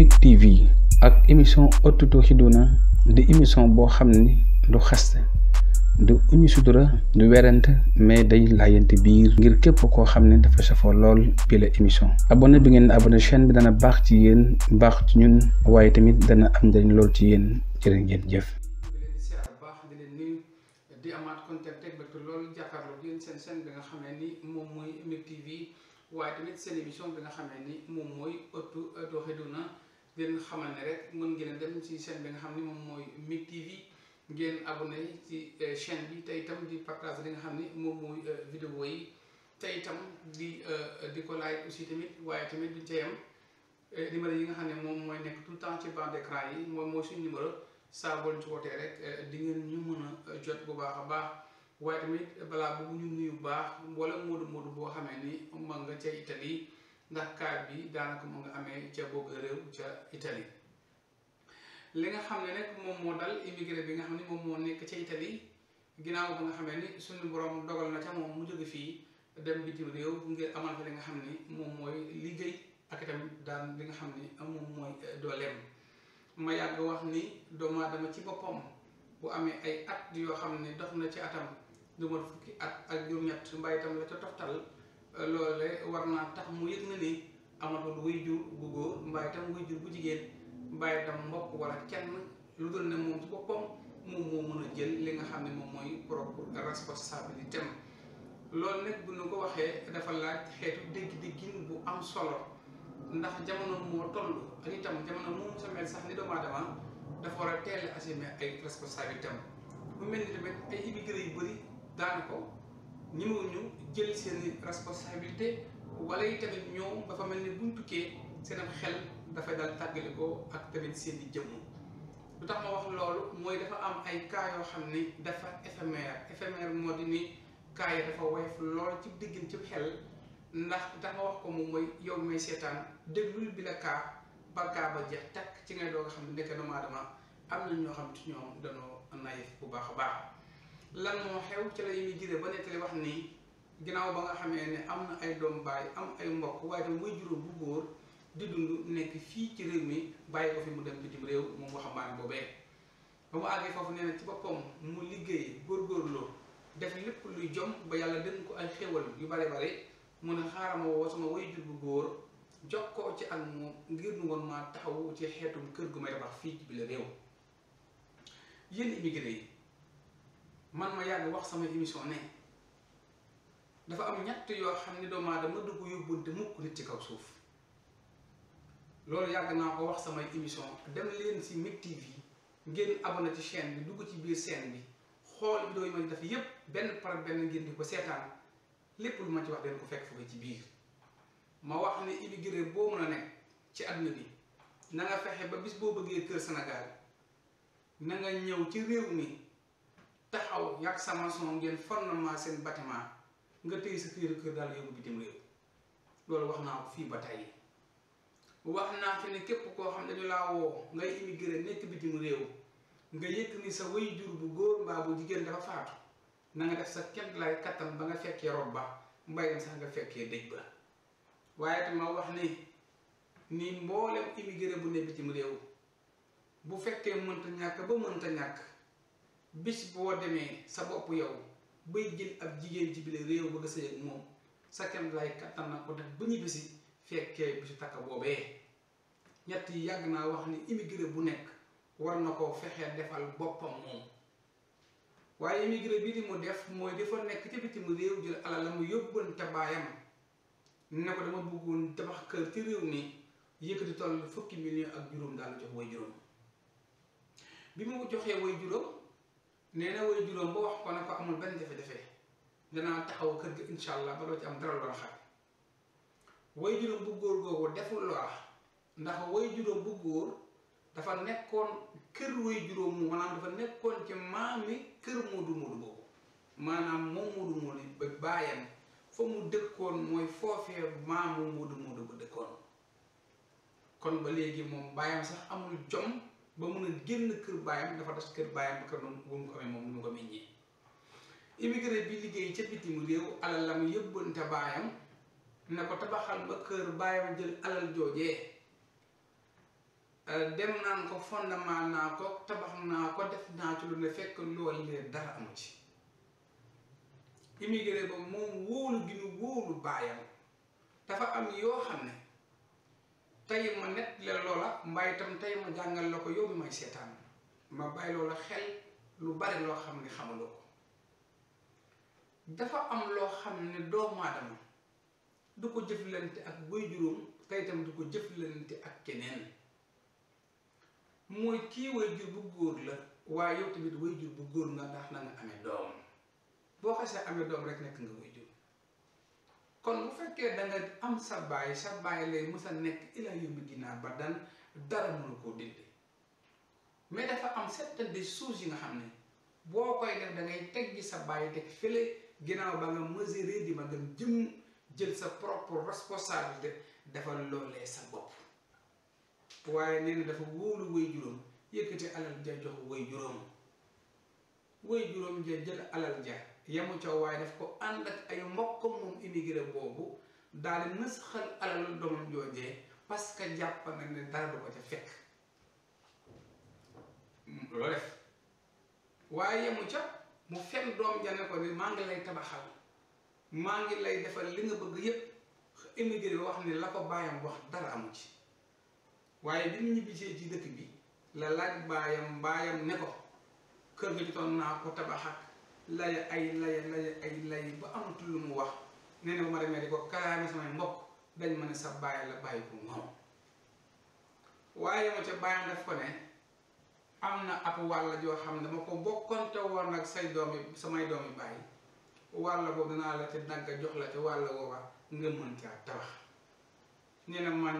Mik TV ak émission Ëttu Tooxiduuna di émission bo xam du xaste du uñu sudura du wérante mais day laayante biir ngir képp koo xam ne dafa safo lool bi la émission abonné bi ngeen abonné chaîne bi dana baax ci yéen baax ci ñun waaye tamit dana am njëriñ lool ci yéen jërë ngeen jëf. di amaat kontaan teg bëgg loolu jàkkaarloo ak yéen seen seen bi nga xam ne ni moom mooy Mik TV waaye tamit seen émission bi nga xam ne ni moom mooy ëttu doxiduna di leen xamal ne rek mën ngeen a dem ci chaîne bi nga xam ni moom mooy MIG TV ngeen abonné ci euh, chaîne bi tey itam di partage li nga xam ni moom mooy euh, vidéo yi tey itam di euh, di ko like aussi tamit waaye tamit duñ ca yem yi nga xam ne moom mooy nekk tout le temps ci bande d'écran yi moom mooy suñu numéro saa boole ci wootee rek di ngeen ñu mën a jot bu baax a baax waaye tamit balaa boobu ñu nuyu baax wala moodu moodu boo xamee ni mën nga ca Italie ndax cas bi daanaka mu nga amee ca boog réew ca italie li nga xam ne nag moom moo dal immigré bi nga xam ne moom moo nekk ca italie ginnaaw ba nga xamee ni suñu borom dogal na ca moom mu jóge fii dem bitim réew ngir amal fi li nga xam ni moom mooy liggéey ak itam daan li nga xam ni moom mooy dooleem ma yàgg wax ni doomu aadama ci boppam bu amee ay at yoo xam dox na ci atam du mat fukki at ak juróom-ñett mbaa itam la ca toftal loole war naa tax mu yëg na ni amatul wuy jur bu góor mbaa itam wuy jur bu jigéen mbaa itam mbokk wala kenn lu dul ne moom ci boppam moom moo mën a jël li nga xam ne moom mooy propre responsabilité am loolu nag bu ñu ko waxee dafa laaj xeetu dégg bu am solo ndax jamono moo toll ak itam jamono moom sa mel sax ni doomu aadama dafa war a teel assumer ay responsabilité mu mel ni tamit ay immigré yu bari daan ko ñemewuñu jël seeni responsabilité wala yi tamit ñoom dafa mel ni buñ tukkee seen am xel dafay dal tàggale ko ak tamit seeni jëmm lu tax ma wax loolu mooy dafa am ay cas yoo xam ni dafa éphémère éphémère moo di ni cas yi dafa woyof lool ci diggin ci xel ndax lu tax ma wax ko moom mooy yow may seetaan déglul bi la kaa ba cas ba jeex takk ci ngay doo xam ne nekk doomu aadama am na ñoo xam te ñoom danoo naayif bu baax a baax lan moo xew ci la ñuy jëlee ba nettali wax ni ginnaaw ba nga xamee ne am na ay doom baay am ay mbokk waaye tam mooy juróom bu góor di dund nekk fii ci réew mi bàyyi ko fi mu dem bitim réew moom waxambaane boobee ba àggee foofu nee na ci boppam mu liggéey bóor góorgóorloo def lépp luy jom ba yàlla dënk ko ay xéewal yu bare bare mu a xaaral ma woo sama way jur bu góor jox ko ci ak moom ngir nu woon maa taxaw ci xeetum kër gu may wax fii ci bi réew yéen yi man ma yàgg wax sama émission ne dafa am ñett yoo xam ne doomu aadama dugg yóbbante mukk nit ci kaw suuf loolu yàgg naa ko wax samay émission dem leen si MIG TV ngeen abonné ci chaîne bi dugg ci biir chaîne bi xool vidéo yi ma def yépp benn par benn ngeen di ko seetaan lépp lu ma ci wax den ko fekk foofu ci biir ma wax ne immigré boo mën a nekk ci àdduna bi na nga fexe ba bis boo bëggee kër Sénégal na nga ñëw ci réew nii taxaw yak sama sama ngeen fondement seen bâtiment nga tey sa kër keur dal yobu bitim rew lolou waxna ko fii fi ne kep ko xam dañu la wo ngay immigré nek bitim rew nga yek ni sa way jur bu goor mbaa bu jigen dafa faatu na nga def sa kent lay katam ba nga fekke robba ba mbayam sax nga fekke dëj ba waye tamit wax ni ni mbolem immigré bu ne bitim rew bu mën ta ñak ba ta ñak bis boo demee sa bopp yow bay jël ab jigéen ci bile réew bëgg a sëy ak moom sa kem lay kattan na ko def ba ñu bisi fekkee bisu takka boobee ñett yàgg naa wax ni immigré bu nekk war na ko fexee defal boppam moom waaye immigré bii di mu def mooy dafa nekk ci bitim réew jël alal la mu yóbbante baayam ne ko dama bëggoon tabax kër ci réew mi yëkkati toll fukki million ak juróom daal jox way juróom bi mu joxee way juróom nee na way juróom ba wax ko amul benn jafe-jafe danaa taxaw kër gi incha allah ba doo ci am dara loola xar way juróom bu góor googu deful loola ndax way juróom bu góor dafa nekkoon kër way juróom mu maanaam dafa nekkoon ci maami kër moodu moodu maanaam moom moodu moodu ba baayam fa mu dëkkoon mooy foofee maamu moodu moodu ba dëkkoon kon ba léegi moom baayam sax amul jom ba mun a génn kër baayam dafa tas kër baayam ba kër noonu bu mu ko amee moom nu mu ko meññee immigré bi liggéey ca bitim réew alal la mu baayam na ko tabaxal ba kër baayam jël alal joojee euh, dem naan ko fondement naa ko tabax naa ko def naa ci lu ne fekk loolu leen dara amu ci immigré ba moom wóolu gi wóolu baayam dafa am yoo xam ne tay ma net le lola mbay itam tey ma jangal lako ko yow mi may seetaan ma bay lola xel lu bari lo xamni dafa am lo xamni do mo adam du ko jëflante ak buy jurum tay tam du ko jëflante ak kenen moy ki way jur bu góor la waaye yow tamit way jur bu góor nga ndax na nga amé dom bo xasse amé dom rek nek nga way jur kon bu fekkee da am sa baay sa baay lay mës a nekk ila yawmi dinaa ba dan dara mënu koo dindi mais dafa am certaines des choses yi nga xam ne boo koy def da ngay teggi sa baay teg fële ginnaaw ba nga mesurer di ma dem jëm jël sa propre responsabilité defal loolee sa bopp waaye nee na dafa wóolu way juróom yëkkati alal ja jox way juróom way juróom ja jël alal ja yemu ca waaye daf ko ànd ak ay mbokkam moom immigré boobu daal di nësxal alalu doomam joojee parce que jàpp na ne dara du ko ca fekk loo def waaye yemu ca mu fen doom ja ko ni maa ngi lay tabaxal maa ngi lay defal li nga bëgg yépp immigré wax ni la ko baayam wax dara amu ci waaye bi ñibbisee ci dëkk bi la laaj baayam baayam ne ko kër gi jotoon naa ko tabax lay ay lay lay ba amatul lu mu wax nee na bu ma demee di ko kalaame samay mbokk dañ ma ne sa bàyyi la bàyyi ko moom waaye ma na ab wàll joo xam ne dama ko bokkonte woon ak say doom yi samay doom yi bàyyi wàll boobu jox la ca wàll woowa nga mën caa tabax nee na ma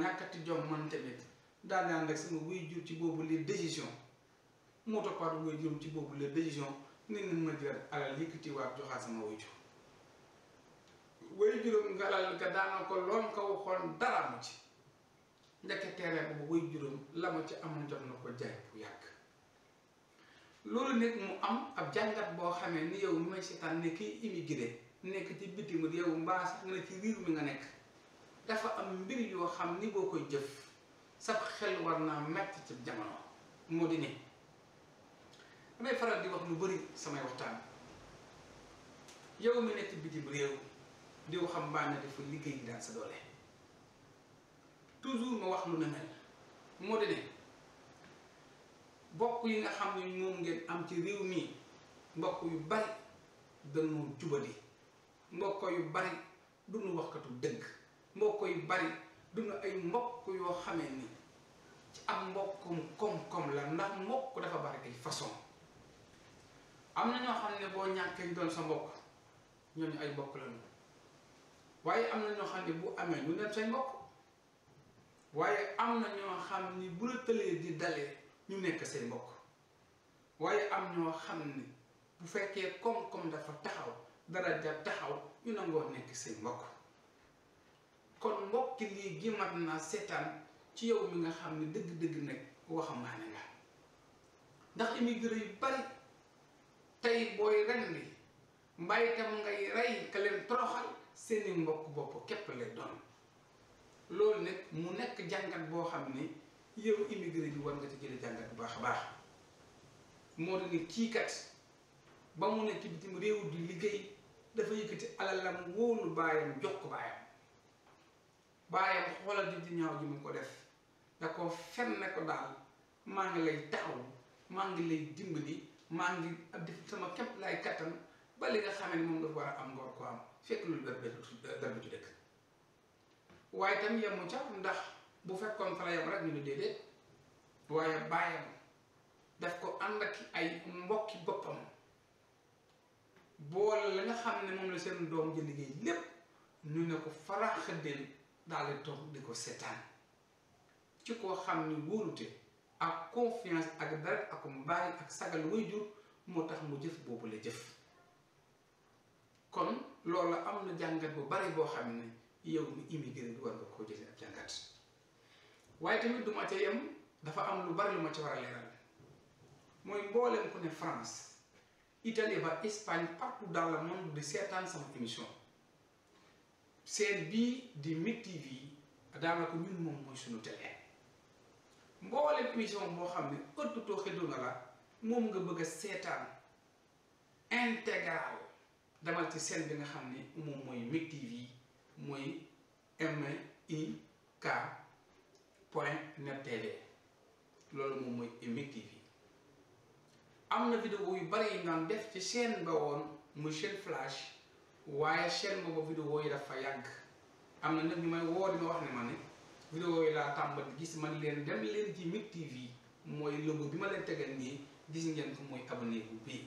tamit daal daan rek sama wuy ci boobu les décision moo toppaat ci boobu les décision ni ñi ma jël alal yëkkatiwaat joxaat sama wayju way juróom ngalal ga daana ko loon ko waxoon dara mu ci ndekk bu way juróom la ci amoon jot na ko jaay bu yàgg loolu nag mu am ab jàngat boo xamee ni yow mi may seetaan ne kiy immigré nekk ci bitim réew mbaa sax nga ne ci riir mi nga nekk dafa am mbir yoo xam ni boo koy jëf sab xel war naa mett ci jamono moo di ne damay faral di wax lu bari samay waxtaan yow mi nekk bitim réew di xam mbaa na dafa liggéey daan sa doole toujours ma wax lu na mel moo di ne bokk yi nga xam ne moom ngeen am ci réew mi mbokk yu bari dañu jubali mbokk yu bari duñu waxkatu dëgg mbokk yu bari duñu ay mbokk yoo xamee ni ci am mbokkum koom-koom la ndax mbokk dafa bari ay façon am na ñoo xam ne boo ñàkkee ñu doon sa mbokk ñooñu ay mbokk la ñu waaye am na ñoo xam ne bu amee ñu nekk say mbokk waaye am na ñoo xam ni bu la di dalee ñu nekk say mbokk waaye am ñoo xam ni bu fekkee koom-koom dafa taxaw daraja taxaw ñu nangoo nekk say mbokk kon mbokki lii gimat naa seetaan ci yow mi nga xam ne dëgg-dëgg nag waxambaane nga ndax immigré yu bari tey booy ren bi mbaa itam ngay rey ka leen toroxal seeni mbokk bopp képp lay doon loolu nag mu nekk jàngat boo xam ni yow immigré bi war nga ci jële jàngat bu baax a baax moo tax ni kii kat ba mu nekk bitim réew di liggéey dafa yëkkati alalam wóolu baayam jox ko baayam baayam xoolal di di ñaaw ji mu ko def da ko fen ne ko daal maa ngi lay taxaw maa ngi lay dimbali maa ngi def sama képp laay kattan ba li nga xamee ne moom nga war a am ngor ko am fekk lu dara dara ci dëkk waaye itam yemu ca ndax bu fekkoon fa la yem rek ñu ne déedéet waaye bàyyam daf ko ànd ak ay mbokki boppam boole la nga xam ne moom la seen doom ja liggéey lépp ñu ne ko faraax xëddeen daal di toog di ko seetaan ci koo xam ni wóorute ak confiance ak deret ak mbay ak sagal wayjur moo tax mu jëf bobu la jëf kon loola amna jangat bu bari bo xamne yow mi immigré bi war nga koo jëlee ab jàngat waaye tamit du ma ca yam dafa am lu bari lu ma ca war a leeral mooy ku ne France Italie ba Espagne partout dans le monde de certaines sama émission sen bi di mit TV daanaka ñun moom mooy sunu télé mbooleem émission moo xam ne ëttu tooxi duna la moom nga bëgg seetaan intégral demal ci seen bi nga xam ne moom mooy MIG TV mooy MIK point net tv loolu moom mooy MIG am na vidéo yu bari yi def ci chaîne ba woon muy chaîne flash waaye chaîne boobu vidéo yi dafa yàgg am na nag ñu may woo di ma wax ne ma ne vidéo yi laa tàmbat gis man leen dem leen ci MIG yi mooy logo bi ma leen tegal nii gis ngeen ko mooy abonné bu bii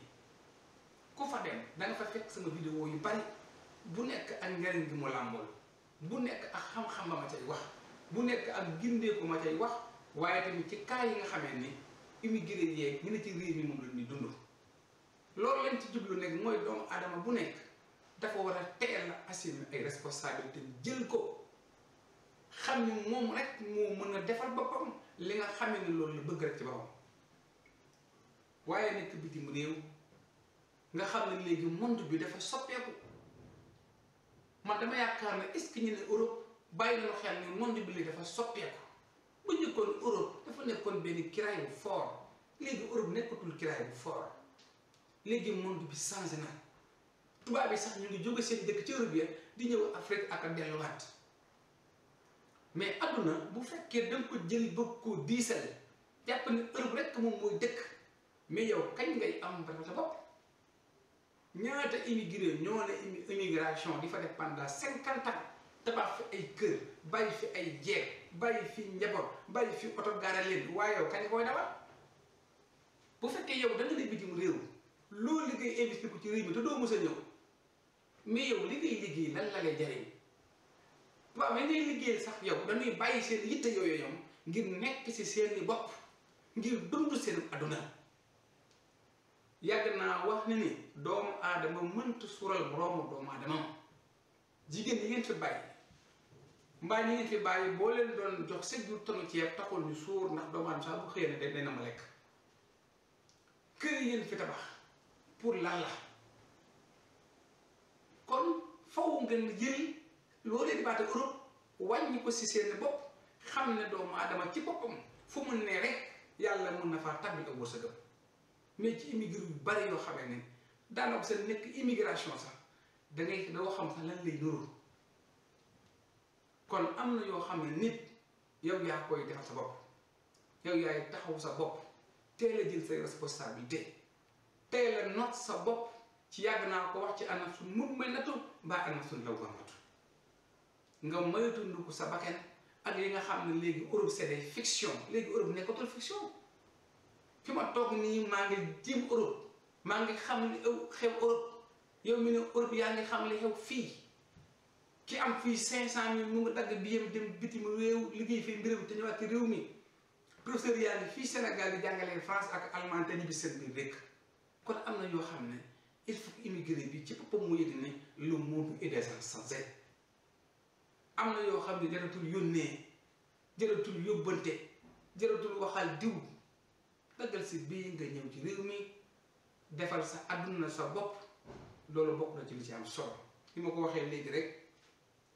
ku fa dem da fa fekk sama vidéo yu bari bu nekk ak njariñ bi mu làmbool bu nekk ak xam-xam ba ma cay wax bu nekk ak gindeeku ma cay wax waaye tamit ci cas yi nga xamee ni immigré yeeg ñu ne ci réew mi moom la ñuy dund loolu lañ ci jublu nekk mooy doomu aadama bu nekk dafa war a teel a assumer ay responsabilités jël ko xam ni moom rek moo mën a defal boppam li nga xamee ni loolu la bëgg rek ci boppam waaye nekk bitim réew nga xam ne léegi monde bi dafa soppeeku man dama yaakaar ne est-ce ñu ne Europe bàyyi nañu xel ni monde bi léegi dafa soppeeku bu njëkkoon Europe dafa nekkoon benn kiraay bu léegi Europe nekkatul kiraay bu fort léegi monde bi changé na tubaab yi sax ñu ngi jóge seen dëkk ci Europe ya di ñëw Afrique ak a delluwaat mais adduna bu fekkee da ko jël bëgg koo diisal jàpp ne Europe rekk moom mooy dëkk mais yow kañ ngay am ba sa bopp ñaata immigré ñoo ne immigration di fa def pendant cinquante ans fi ay kër bàyyi fi ay jeeg bàyyi fi njaboot bàyyi fi oto gaare waaye yow kañ koy dawal bu fekkee yow da nga ne bitim réew loolu liggéey investi ko ci réew mi te doo mës a ñëw mais yow li ngay liggéey lan la lay jariñ waaw mais ngay liggéeyal sax yow dañuy bàyyi seen yitte yooyu ñoom ngir nekk ci seeni bopp ngir dund seen adduna yàgg naa wax ne ni doomu aadama mënta suural moroomu doomu aadamam jigéen yi ngeen fi bàyyi mbaa ñi ngeen fi bàyyi boo leen doon jox sëg yu tonu ceeb taxul ñu suur ndax doomu aadama sax bu xëyee ne day na ma lekk kër yi ngeen fi tabax pour lan la kon faw ngeen jël loolee di baata Europe wàññi ko si seen bopp xam ne doomu aadama ci boppam fu mu ne rek yàlla mun na faa tabbi ko wërsëgam mais ci immigré yu bari yoo xamee ne daanaka sa nekk immigration sax da ngay doo xam sax lan lay nuru kon am na yoo xam ne nit yow yaa koy defal sa bopp yow yaay taxaw sa bopp teel a jël say responsabilité teel la not sa bopp ci yàgg naa ko wax ci anam su mën may natu mbaa anam suñ law ba matu nga moytandiku sa bakkan ak li nga xam ne léegi Europe c'est des fiction léegi Europe nekkatul fiction fi ma toog nii maa ngi jëm Europe maa ngi xam li xew Europe yow mi ne Europe yaa ngi xam li xew fii ki am fii 500000 mu ngi dagg biyam dem bitim réew liggéey fii mbiram te ñëwaat ci réew mi professeur yaa ngi fii Sénégal di jàngalee France ak Allemagne te ñu bi seen biir dëkk kon am na yoo xam ne il faut que immigré bi ci boppam mu yëg ne le monde est des sans am na yoo xam ne jaratul yónnee jaratul yóbbante jaratul waxal diw daggal si bii nga ñëw ci réew mi defal sa àdduna sa bopp loolu bokk na ci li ci am solo li ma ko waxee léegi rek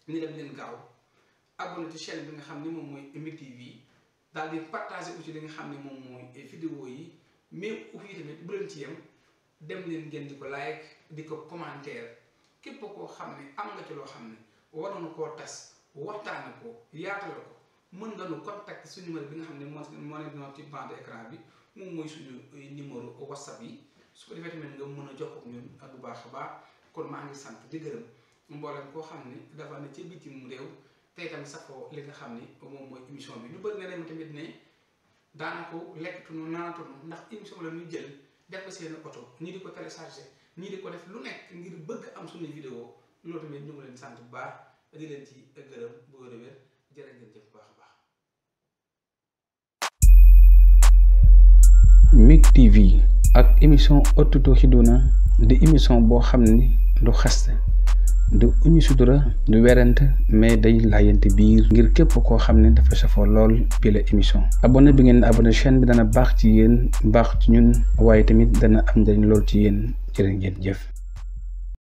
ni dem leen gaaw abonné ci chaîne bi nga xam ne moom mooy Mbi TV daal di partagé aussi li nga xam ne moom mooy vidéo yi mais aussi tamit ci yem dem leen ngeen di ko like di ko commentaire képp koo xam ne am nga ci loo xam ne waroon koo tas waxtaane ko yaatal ko mën nga nu contacter su numéro bi nga xam ne moo moo nekk noonu ci bande écran bi suñu eh, numéro whatsapp yi su ko defee tamit nga mën a jokkoo ak ñun ah, bu baax a baax kon maa ngi sant di gërëm mboolem koo xam ne dafa ne ca bitim réew tey tamit safoo li nga xam ne moom mooy émission bi ñu bëgg na dem tamit ne daanaka lekkatunu naanatunu ndax émission la ñuy jël def ko seen oto ñii di ko télécharger ñii di ko def lu nekk ngir bëgg am suñu vidéo loolu tamit ñu ngi leen sant bu baax di leen ci gërëm bu wér a wér jërë ngeen jëf baax baax. MIG TV ak émission ëttu Tooxidoona di émission bo xam ni du xaste du uñu sudura du wérante mais day laayante biir ngir képp ko xamné dafa safo lool bi la émission abonné bi ngeen abonné chaîne bi dana baax ci yeen baax ci ñun waye tamit dana am dañ lool ci yeen jërë jëf